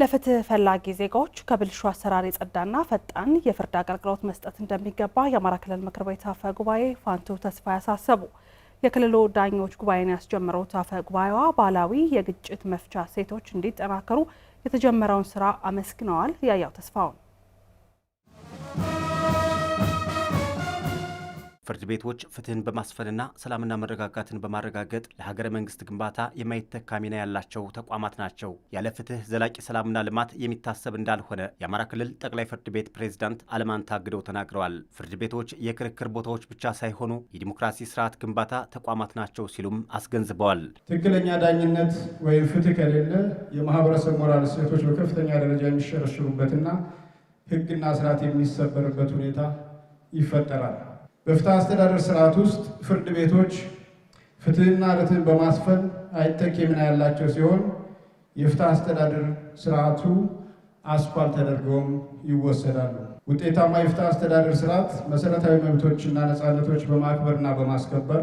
ለፍትህ ፈላጊ ዜጋዎች ከብልሹ አሰራር የጸዳና ፈጣን የፍርድ አገልግሎት መስጠት እንደሚገባ የአማራ ክልል ምክር ቤት አፈ ጉባኤ ፋንቱ ተስፋ ያሳሰቡ። የክልሉ ዳኞች ጉባኤን ያስጀመሩት አፈ ጉባኤዋ ባህላዊ የግጭት መፍቻ ሴቶች እንዲጠናከሩ የተጀመረውን ስራ አመስግነዋል። ያያው ተስፋውን ፍርድ ቤቶች ፍትህን በማስፈንና ሰላምና መረጋጋትን በማረጋገጥ ለሀገረ መንግስት ግንባታ የማይተካ ሚና ያላቸው ተቋማት ናቸው። ያለ ፍትህ ዘላቂ ሰላምና ልማት የሚታሰብ እንዳልሆነ የአማራ ክልል ጠቅላይ ፍርድ ቤት ፕሬዝዳንት አለማንታ ታግደው ተናግረዋል። ፍርድ ቤቶች የክርክር ቦታዎች ብቻ ሳይሆኑ የዲሞክራሲ ስርዓት ግንባታ ተቋማት ናቸው ሲሉም አስገንዝበዋል። ትክክለኛ ዳኝነት ወይም ፍትህ ከሌለ የማህበረሰብ ሞራል እሴቶች በከፍተኛ ደረጃ የሚሸረሽሩበትና ህግና ስርዓት የሚሰበርበት ሁኔታ ይፈጠራል። በፍትህ አስተዳደር ስርዓት ውስጥ ፍርድ ቤቶች ፍትህና ርትዕን በማስፈን አይተኬ ሚና ያላቸው ሲሆን የፍትህ አስተዳደር ስርዓቱ አስኳል ተደርገውም ይወሰዳሉ። ውጤታማ የፍትህ አስተዳደር ስርዓት መሰረታዊ መብቶችና ነፃነቶች በማክበርና በማስከበር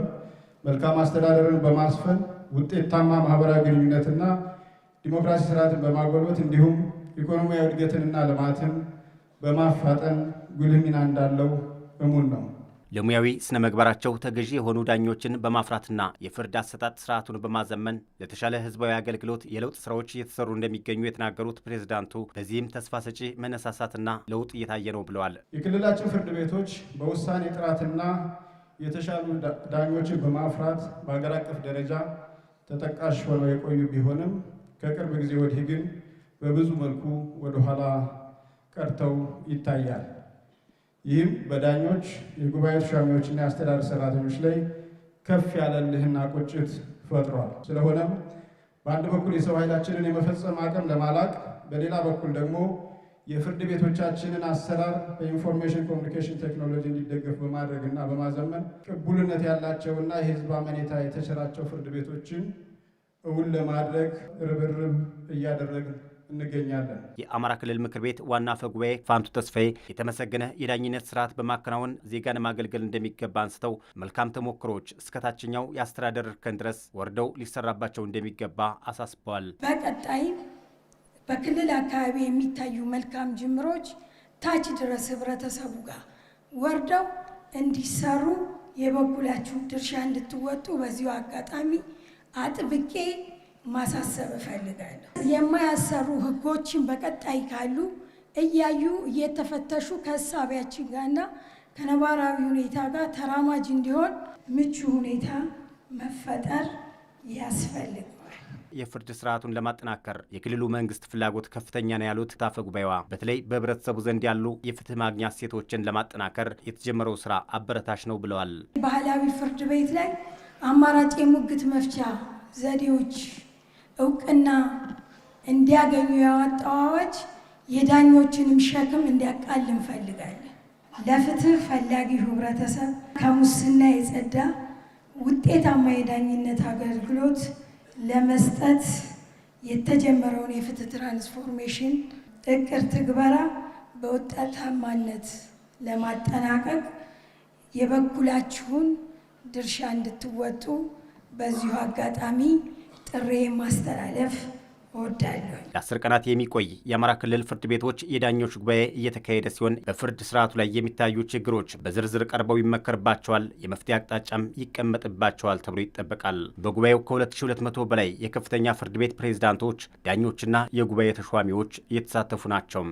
መልካም አስተዳደርን በማስፈን ውጤታማ ማህበራዊ ግንኙነትና ዲሞክራሲ ስርዓትን በማጎልበት እንዲሁም ኢኮኖሚያዊ እድገትንና ልማትን በማፋጠን ጉልህ ሚና እንዳለው እሙን ነው። ለሙያዊ ስነ ምግባራቸው ተገዢ የሆኑ ዳኞችን በማፍራትና የፍርድ አሰጣጥ ስርዓቱን በማዘመን ለተሻለ ህዝባዊ አገልግሎት የለውጥ ስራዎች እየተሰሩ እንደሚገኙ የተናገሩት ፕሬዝዳንቱ በዚህም ተስፋ ሰጪ መነሳሳትና ለውጥ እየታየ ነው ብለዋል። የክልላችን ፍርድ ቤቶች በውሳኔ ጥራትና የተሻሉ ዳኞችን በማፍራት በሀገር አቀፍ ደረጃ ተጠቃሽ ሆነው የቆዩ ቢሆንም ከቅርብ ጊዜ ወዲህ ግን በብዙ መልኩ ወደኋላ ቀርተው ይታያል። ይህም በዳኞች የጉባኤ ተሿሚዎችና የአስተዳደር ሰራተኞች ላይ ከፍ ያለ እልህና ቁጭት ፈጥሯል። ስለሆነም በአንድ በኩል የሰው ኃይላችንን የመፈጸም አቅም ለማላቅ፣ በሌላ በኩል ደግሞ የፍርድ ቤቶቻችንን አሰራር በኢንፎርሜሽን ኮሚኒኬሽን ቴክኖሎጂ እንዲደገፍ በማድረግ እና በማዘመን ቅቡልነት ያላቸውና የህዝብ አመኔታ የተቸራቸው ፍርድ ቤቶችን እውን ለማድረግ ርብርብ እያደረግን እንገኛለን። የአማራ ክልል ምክር ቤት ዋና አፈ ጉባኤ ፋንቱ ተስፋዬ የተመሰገነ የዳኝነት ስርዓት በማከናወን ዜጋን ማገልገል እንደሚገባ አንስተው መልካም ተሞክሮዎች እስከ ታችኛው የአስተዳደር እርከን ድረስ ወርደው ሊሰራባቸው እንደሚገባ አሳስበዋል። በቀጣይ በክልል አካባቢ የሚታዩ መልካም ጅምሮች ታች ድረስ ህብረተሰቡ ጋር ወርደው እንዲሰሩ የበኩላችሁ ድርሻ እንድትወጡ በዚሁ አጋጣሚ አጥብቄ ማሳሰብ እፈልጋለሁ። የማያሰሩ ህጎችን በቀጣይ ካሉ እያዩ እየተፈተሹ ከሳቢያችን ጋርና ከነባራዊ ሁኔታ ጋር ተራማጅ እንዲሆን ምቹ ሁኔታ መፈጠር ያስፈልጋል። የፍርድ ስርዓቱን ለማጠናከር የክልሉ መንግስት ፍላጎት ከፍተኛ ነው ያሉት አፈ ጉባኤዋ በተለይ በህብረተሰቡ ዘንድ ያሉ የፍትህ ማግኛ ሴቶችን ለማጠናከር የተጀመረው ስራ አበረታሽ ነው ብለዋል። ባህላዊ ፍርድ ቤት ላይ አማራጭ የሙግት መፍቻ ዘዴዎች እውቅና እንዲያገኙ ያወጣው አዋጅ የዳኞችንም ሸክም እንዲያቃል እንፈልጋለን። ለፍትህ ፈላጊ ህብረተሰብ ከሙስና የጸዳ ውጤታማ የዳኝነት አገልግሎት ለመስጠት የተጀመረውን የፍትህ ትራንስፎርሜሽን እቅድ ትግበራ በውጤታማነት ለማጠናቀቅ የበኩላችሁን ድርሻ እንድትወጡ በዚሁ አጋጣሚ ጥሪ ማስተላለፍ እወዳለሁ። ለአስር ቀናት የሚቆይ የአማራ ክልል ፍርድ ቤቶች የዳኞች ጉባኤ እየተካሄደ ሲሆን በፍርድ ስርዓቱ ላይ የሚታዩ ችግሮች በዝርዝር ቀርበው ይመከርባቸዋል፣ የመፍትሄ አቅጣጫም ይቀመጥባቸዋል ተብሎ ይጠበቃል። በጉባኤው ከ2200 በላይ የከፍተኛ ፍርድ ቤት ፕሬዝዳንቶች፣ ዳኞችና የጉባኤ ተሿሚዎች እየተሳተፉ ናቸው።